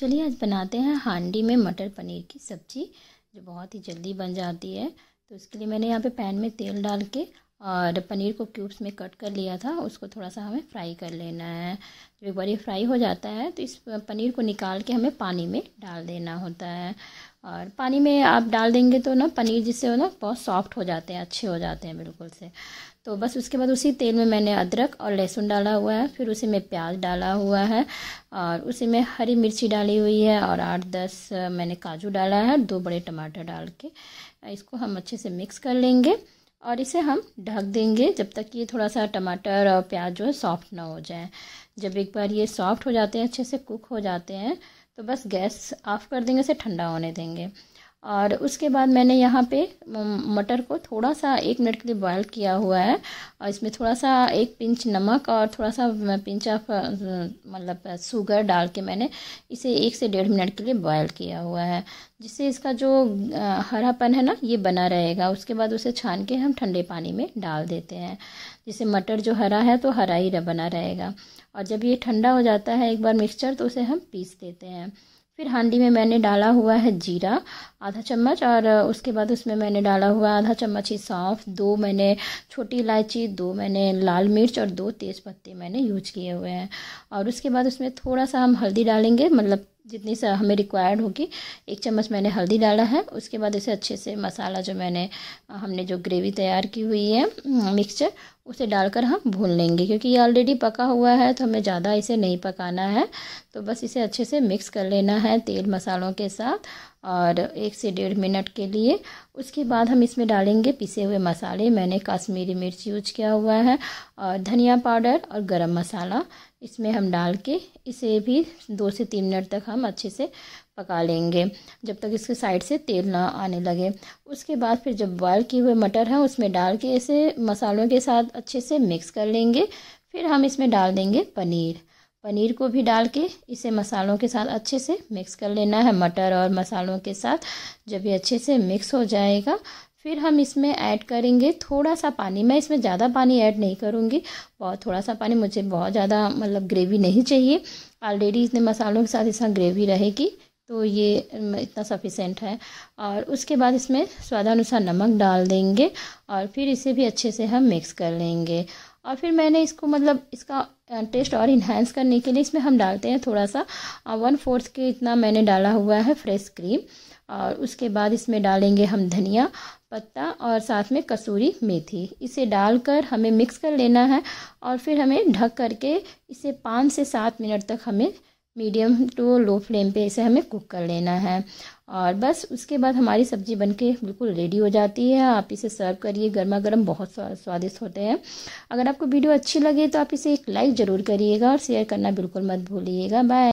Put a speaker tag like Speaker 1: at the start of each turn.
Speaker 1: चलिए आज बनाते हैं हांडी में मटर पनीर की सब्ज़ी जो बहुत ही जल्दी बन जाती है तो इसके लिए मैंने यहाँ पे पैन में तेल डाल के और पनीर को क्यूब्स में कट कर लिया था उसको थोड़ा सा हमें फ्राई कर लेना है जब एक बार ये फ्राई हो जाता है तो इस पनीर को निकाल के हमें पानी में डाल देना होता है और पानी में आप डाल देंगे तो ना पनीर जिससे हो ना बहुत सॉफ्ट हो जाते हैं अच्छे हो जाते हैं बिल्कुल से तो बस उसके बाद उसी तेल में मैंने अदरक और लहसुन डाला हुआ है फिर उसी में प्याज डाला हुआ है और उसी में हरी मिर्ची डाली हुई है और आठ दस मैंने काजू डाला है दो बड़े टमाटर डाल के इसको हम अच्छे से मिक्स कर लेंगे और इसे हम ढक देंगे जब तक ये थोड़ा सा टमाटर और प्याज जो है सॉफ्ट ना हो जाए जब एक बार ये सॉफ्ट हो जाते हैं अच्छे से कुक हो जाते हैं तो बस गैस ऑफ कर देंगे इसे ठंडा होने देंगे और उसके बाद मैंने यहाँ पे मटर को थोड़ा सा एक मिनट के लिए बॉयल किया हुआ है और इसमें थोड़ा सा एक पिंच नमक और थोड़ा सा पिंच ऑफ मतलब शुगर डाल के मैंने इसे एक से डेढ़ मिनट के लिए बॉयल किया हुआ है जिससे इसका जो हरापन है ना ये बना रहेगा उसके बाद उसे छान के हम ठंडे पानी में डाल देते हैं जिससे मटर जो हरा है तो हरा ही बना रहेगा और जब ये ठंडा हो जाता है एक बार मिक्सचर तो उसे हम पीस देते हैं फिर हांडी में मैंने डाला हुआ है जीरा आधा चम्मच और उसके बाद उसमें मैंने डाला हुआ आधा चम्मच ही सौंफ दो मैंने छोटी इलायची दो मैंने लाल मिर्च और दो तेज़ पत्ते मैंने यूज किए हुए हैं और उसके बाद उसमें थोड़ा सा हम हल्दी डालेंगे मतलब जितनी सा हमें रिक्वायर्ड होगी एक चम्मच मैंने हल्दी डाला है उसके बाद इसे अच्छे से मसाला जो मैंने हमने जो ग्रेवी तैयार की हुई है मिक्सचर उसे डालकर हम भून लेंगे क्योंकि ये ऑलरेडी पका हुआ है तो हमें ज़्यादा इसे नहीं पकाना है तो बस इसे अच्छे से मिक्स कर लेना है तेल मसालों के साथ और एक से डेढ़ मिनट के लिए उसके बाद हम इसमें डालेंगे पिसे हुए मसाले मैंने कश्मीरी मिर्च यूज किया हुआ है और धनिया पाउडर और गरम मसाला इसमें हम डाल के इसे भी दो से तीन मिनट तक हम अच्छे से पका लेंगे जब तक इसके साइड से तेल ना आने लगे उसके बाद फिर जब बॉयल किए हुए मटर हैं उसमें डाल के इसे मसालों के साथ अच्छे से मिक्स कर लेंगे फिर हम इसमें डाल देंगे पनीर पनीर को भी डाल के इसे मसालों के साथ अच्छे से मिक्स कर लेना है मटर और मसालों के साथ जब ये अच्छे से मिक्स हो जाएगा फिर हम इसमें ऐड करेंगे थोड़ा सा पानी मैं इसमें ज़्यादा पानी ऐड नहीं करूँगी बहुत थोड़ा सा पानी मुझे बहुत ज़्यादा मतलब ग्रेवी नहीं चाहिए ऑलरेडी इसमें मसालों के साथ इसमें ग्रेवी रहेगी तो ये इतना सफिशेंट है और उसके बाद इसमें स्वादानुसार नमक डाल देंगे और फिर इसे भी अच्छे से हम मिक्स कर लेंगे और फिर मैंने इसको मतलब इसका टेस्ट और इन्हेंस करने के लिए इसमें हम डालते हैं थोड़ा सा वन फोर्थ के इतना मैंने डाला हुआ है फ्रेश क्रीम और उसके बाद इसमें डालेंगे हम धनिया पत्ता और साथ में कसूरी मेथी इसे डालकर हमें मिक्स कर लेना है और फिर हमें ढक करके इसे पाँच से सात मिनट तक हमें मीडियम टू लो फ्लेम पे इसे हमें कुक कर लेना है और बस उसके बाद हमारी सब्ज़ी बनके बिल्कुल रेडी हो जाती है आप इसे सर्व करिए गर्मा गर्म बहुत स्वादिष्ट होते हैं अगर आपको वीडियो अच्छी लगे तो आप इसे एक लाइक ज़रूर करिएगा और शेयर करना बिल्कुल मत भूलिएगा बाय